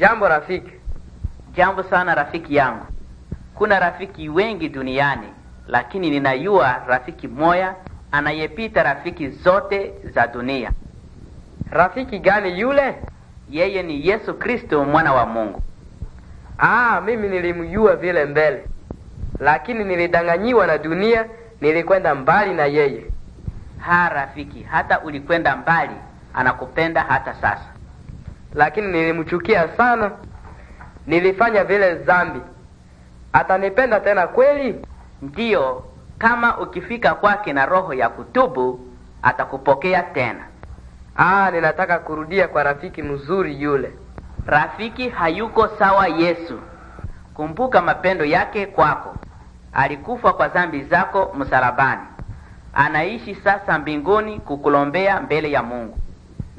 Jambo rafiki. Jambo sana rafiki yangu. Kuna rafiki wengi duniani, lakini ninayua rafiki moya anayepita rafiki zote za dunia. Rafiki gani yule? Yeye ni Yesu Kristo mwana wa Mungu. Ah, mimi nilimjua vile mbele, lakini nilidanganyiwa na dunia, nilikwenda mbali na yeye. Ha rafiki, hata ulikwenda mbali, anakupenda hata sasa lakini nilimchukia sana, nilifanya vile zambi Atanipenda tena kweli? Ndiyo, kama ukifika kwake na roho ya kutubu atakupokea tena. Aa, ah, ninataka kurudia kwa rafiki mzuri yule. Rafiki hayuko sawa Yesu. Kumbuka mapendo yake kwako. Alikufa kwa dhambi zako msalabani. Anaishi sasa mbinguni kukulombea mbele ya Mungu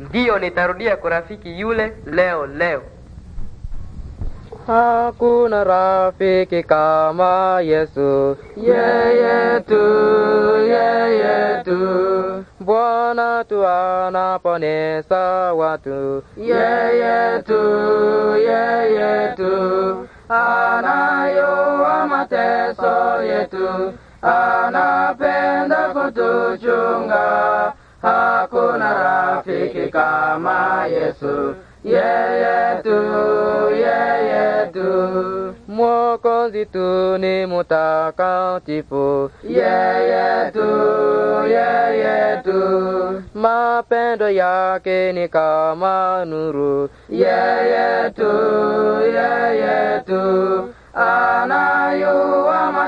ndiyo nitarudia rafiki yule leo leo. Hakuna rafiki kama Yesu, yeye tu, yeye tu. Bwana tu anaponesa watu, yeye tu, yeye tu. Anayoa mateso yetu, anapenda kutuchunga hakuna rafiki kama Yesu. Yeye tu, yeye tu, Mwokozi tu ni mtakatifu. Yeye tu, yeye tu, mapendo yake ni kama nuru. Yeye tu, yeye tu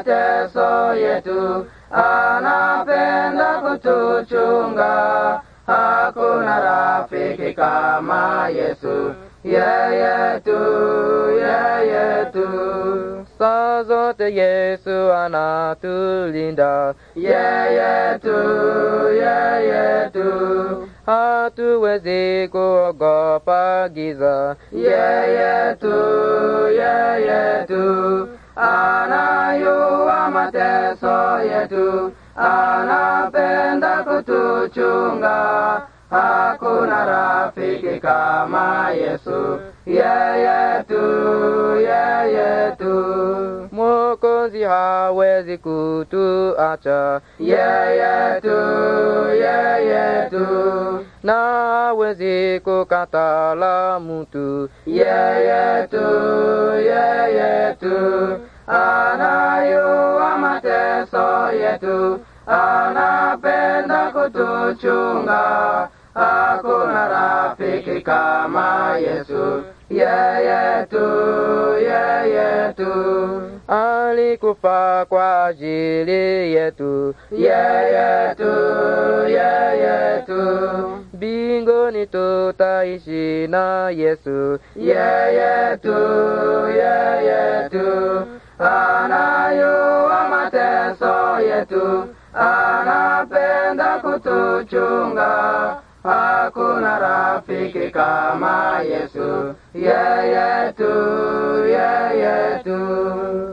mateso yetu, anapenda kutuchunga. Hakuna rafiki kama Yesu, yeye tu, tu. Saa zote Yesu anatulinda, yeye tu, tu hatuwezi kuogopa giza. Yeye tu, yeye tu. wetu anapenda kutuchunga hakuna rafiki kama yesu yeye tu yeye tu mwokozi hawezi kutuacha yeye tu yeye tu na hawezi kukatala mtu yeye tu yeye tu anayoa mateso yetu, anapenda kutuchunga. Hakuna rafiki kama Yesu, yeye tu, Alikufa kwa ajili yetu, yeye tu, yeye tu. tutaishi na Yesu, yeye tu, yetu anapenda kutuchunga hakuna rafiki kama yesu yeye tu yeye